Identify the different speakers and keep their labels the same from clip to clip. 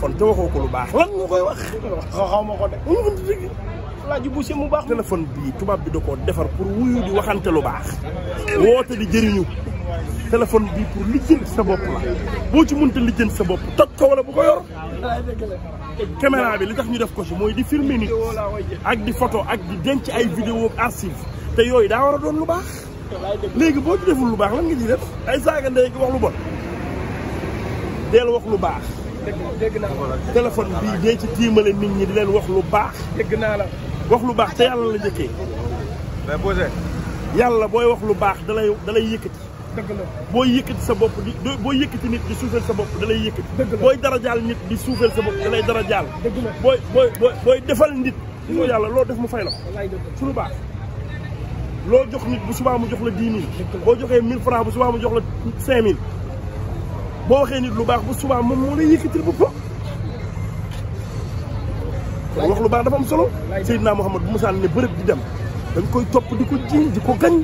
Speaker 1: téléphone te waxoo ko lu baax lan nga koy wax xaw ma ko de mun dëgg laaj bu si mu baax téléphone bii tubaab bi da koo defar pour wuyu di waxante lu baax woote di jëriñu téléphone bii pour lijjanti sa bopp la boo ci mënta lijjanti sa bopp toj ko wala bu ko yor caméra bi li tax ñu def ko si mooy di filmer nit ak di foto ak di denc ay vidéo archive te yooyu daa war a doon lu baax léegi boo ci deful lu baax lan nga ñuy def ay saaga ndey gi wax lu bon deel wax lu baax téléphone bii dee ci tiimale nit ñi di wax lu baax. dégg naa la wax lu baax te yàlla la njëkkee. mais posé. yàlla booy wax lu baax dalay dalay yëkkati. dëgg la booy yëkkati sa bopp di booy yëkkati nit di suufeel sa bopp dalay yëkkati. dëgg la booy darajaal nit di suufeel sa bopp dalay darajaal. dëgg la booy booy booy defal nit. di ko yàlla loo def mu fay la ko. su lu baax. loo jox nit bu subaa mu jox la dix mille. boo joxee mille francs bu subaa mu jox la cinq boo waxee nit lu baax bu subaa moom moo lay yëkkatil boppam wax lu baax dafa am solo Seydina Mouhamad bu musaan ne bërëb di dem dañ koy topp di ko jiiñ di ko gañ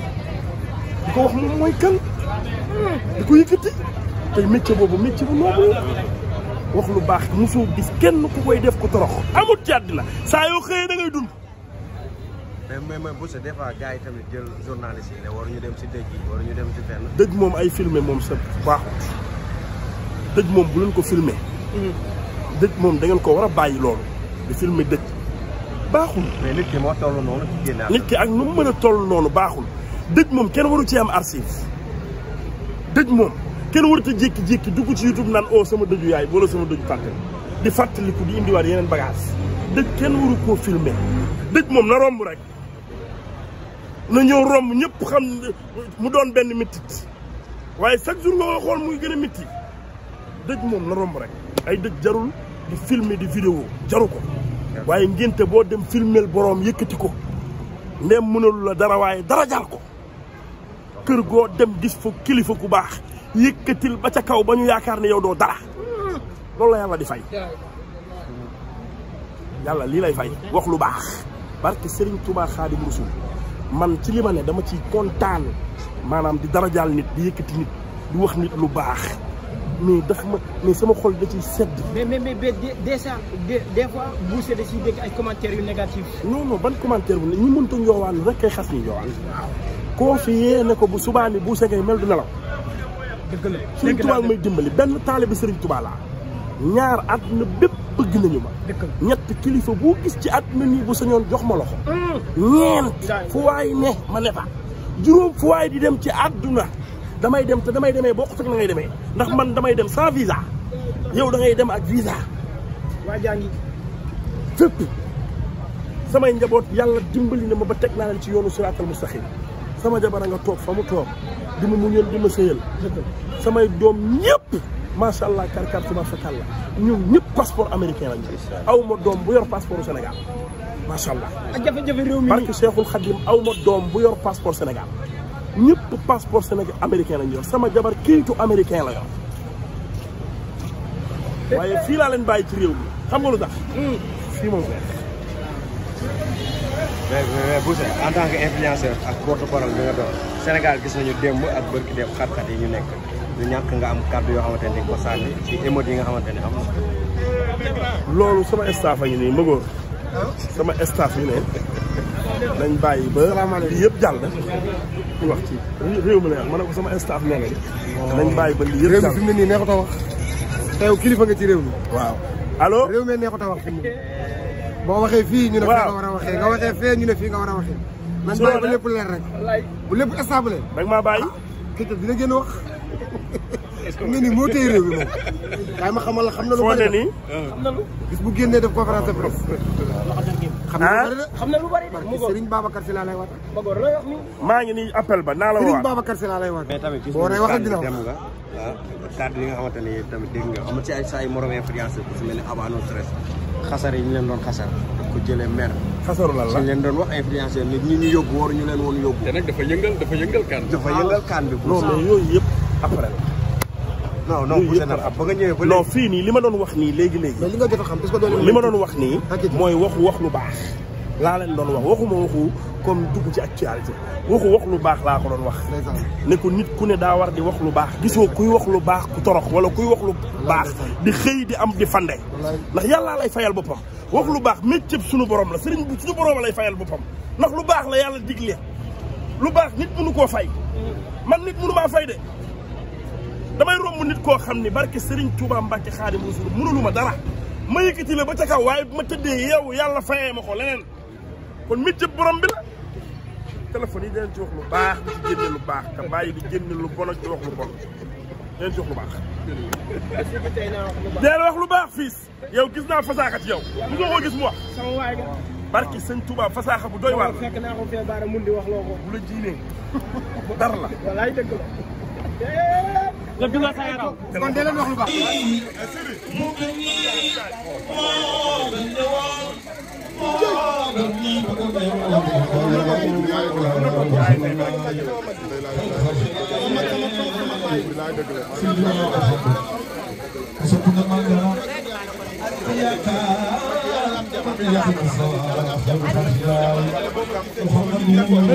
Speaker 1: di ko wax moom mooy kan di ko yëkkati tey métier boobu métier bu noble wax lu baax mosoo gis kenn ku koy def ko torox amut ci la saa yoo xëyee da ngay dund mais mais mais Boucher des fois gars yi tamit jël journaliste dem si dëj yi waruñu dem si fenn dëj moom ay filmé moom sa baaxut dëj moom bu leen ko filmer hmm. dëj moom da ngeen ko war a bàyyi loolu di filmer dëj baaxul. mais nit ki moo toll noonu ci génn nit ki ak nu mën a toll noonu baaxul dëj moom kenn waru ci am archive dëj moom kenn warut a jékki-jékki dugg ci YouTube naan oh sama dëju yaay wala sama dëju pàtte di fàttaliku di indiwaat yeneen bagage dëj kenn waru koo filmer dëj moom na romb rek na ñëw romb ñëpp xam mu doon benn mitit waaye chaque jour nga xool muy gën a mitti dëj moom la rek ay dëj jarul di filmer di vidéo jaru ko waaye ngénte boo dem filmel boroom yëkkati ko ndem mënalu dara waaye dara jar ko kër goo dem gis fa kilifa gu baax yëkkatil ba ca kaw ba ñu yaakaar ne yow doo dara loolu la yàlla di fay yàlla lii lay fay wax lu baax barke Serigne Touba Xaadim Rasul man ci li ma ne dama ciy kontaan maanaam di darajaal nit di yëkkati nit di wax nit lu baax mais daf ma mais sama xol da ci sedd. mais mais mais déjà des fois Boucher da ay commentaires yu négatif. ban commentaire bu ne ñu mënta njoowaan rek kay xas ñu njoowaan. koo fi yee ne ko bu subaa ni Boucher Gueye mel du nelaw. dëgg la Serigne Touba may dimbali benn taalibe Serigne Touba laa. ñaar àdduna bépp bëgg nañu ma. ñett kilifa boo gis ci àdduna nii bu sañoon jox ma loxo. ñeent fu waay ne ma ne fa. juróom fu waay di dem ci àdduna. damay dem te damay demee boo ko fekk na ngay demee ndax man damay dem sans visa yow da dem ak visa. waa jaa ngi fépp samay njaboot yàlla dimbali na ma ba teg naa leen ci yoonu siraatal mustaqim sama jabara nga toog fa mu toog di ma muñal di samay doom ñëpp macha allah karkar ci ma ñëpp passeport américain aw ma doom bu yor passeport Sénégal macha allah. ak jafe-jafe réew mi parce que aw ma doom bu yor passeport Sénégal. ñëpp passeport Sénégal américain lañ yor sama jabar kayitu américain la yor waaye fii laa leen bàyyi ci réew mi xam nga lu tax. fii moom weer. mais ak porte-parole bi nga doon Sénégal gis ak bërki démb xat yi ñu nekk ñàkk nga am kàddu yoo xamante ne ko sànni ci émeute yi nga xamante ne am loolu sama staff a nii mbëggoon sama staff yi ne dañ bàyyi ba. yëpp jàll. pour wax ci réew mi la yàq ma ne ko sama staff nee nañ. Oh. nañ bàyyi ba lii yëpp fi ne nii neexut a wax. tey kilifa nga ci réew mi. waaw allo réew mi neexut a wax fi ne. boo waxee fii ñu ne fii nga war a waxee nga waxee fee ñu ne fii nga war a waxee.
Speaker 2: nañ bàyyi ba lépp leer rek.
Speaker 1: bu lépp stable. rek maa bàyyi. Ah, kii tam dina gën wax. est-ce que nga ni moo téye réew mi moom. kaay ma xamal la xam na lu. foo ne nii. gis bu génnee def conférence de Ah? xam na lu bari de mu góor Serigne Si laa lay wax maa ngi nii appel ba naa la waat Serigne Babacar Si laa lay waat. mais tamit gis nga dem nga. waaw kàddu yi nga tamit dégg nga amul ay saa yu morom influenceur si mel ne Abano Stress xasar yi ñu leen doon xasar ku jëlee mer. xasaru lan la ñu leen doon wax influenceur nit ñi ñu yóbbu waruñu leen woon yóbbu. te nag dafa yëngal dafa yëngal kan. dafa yëngal kan bi. non mais yooyu yëpp après non non poussé na ba nga ñëwee ba non fii nii li ma doon wax nii léegi léegi. mais li nga a xam est-ce que li ma doon wax nii. mooy waxu wax lu baax. laa leen doon wax waxuma waxu comme dugg ci ak actualité waxu wax lu baax laa ko doon wax. ne ko nit ku ne daa war di wax lu baax. gisoo kuy wax lu baax ku torox wala kuy wax lu baax di xëy di am di fande. ndax yàllaa lay fayal boppam. wax lu baax méccëb suñu borom la sëriñ bi suñu borom lay fayal boppam ndax lu baax la yàlla digle lu baax nit mënu koo fay man nit mënu maa damay romb nit koo xam ni barke Serigne Touba Mbacke Xaadim Rasul mënulu ma dara ma yëkkati la ba ca kaw waaye bu ma tëddee yow yàlla fayee ma ko leneen kon mit jëb borom bi la téléphone yi dinañ ci wax lu baax di ci génne lu baax te bàyyi di génne lu bon ak di wax lu bon dinañ ci wax lu baax dinañ wax lu baax fiis yow gis naa fasaaxa ci yow mu soo ko gis mu wax barki sëñ Touba fasaaxa bu doy waar fekk naa ko fee baara mun di wax loo ko bu la jiinee dara la walaay dëgg la nga dugal sa yaram kon dee leen wax lu baax mu ngi يقين الصلاة أفضل الفجر محمد من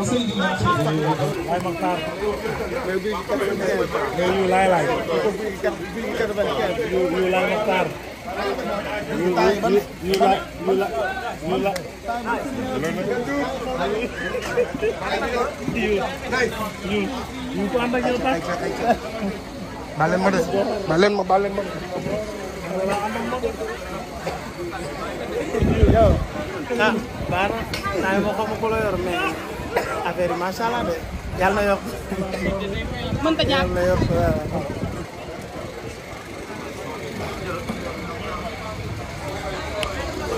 Speaker 1: رسول الله سيدنا خير baleen ma de baleen ma baleen ma yow ah baara naa ma xamu ko la yor mais affaire yi macha allah de yàlla na yokk mënta ñàkk yàlla na yokk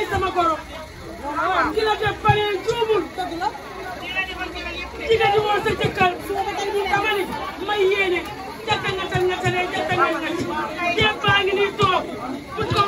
Speaker 1: yaay sama goro ki la def pare juumul ki la di woon sa jëkkal dama ni may yéene jàkka nga tal nga talee jàkka nga tal jàppaa ngi nii toog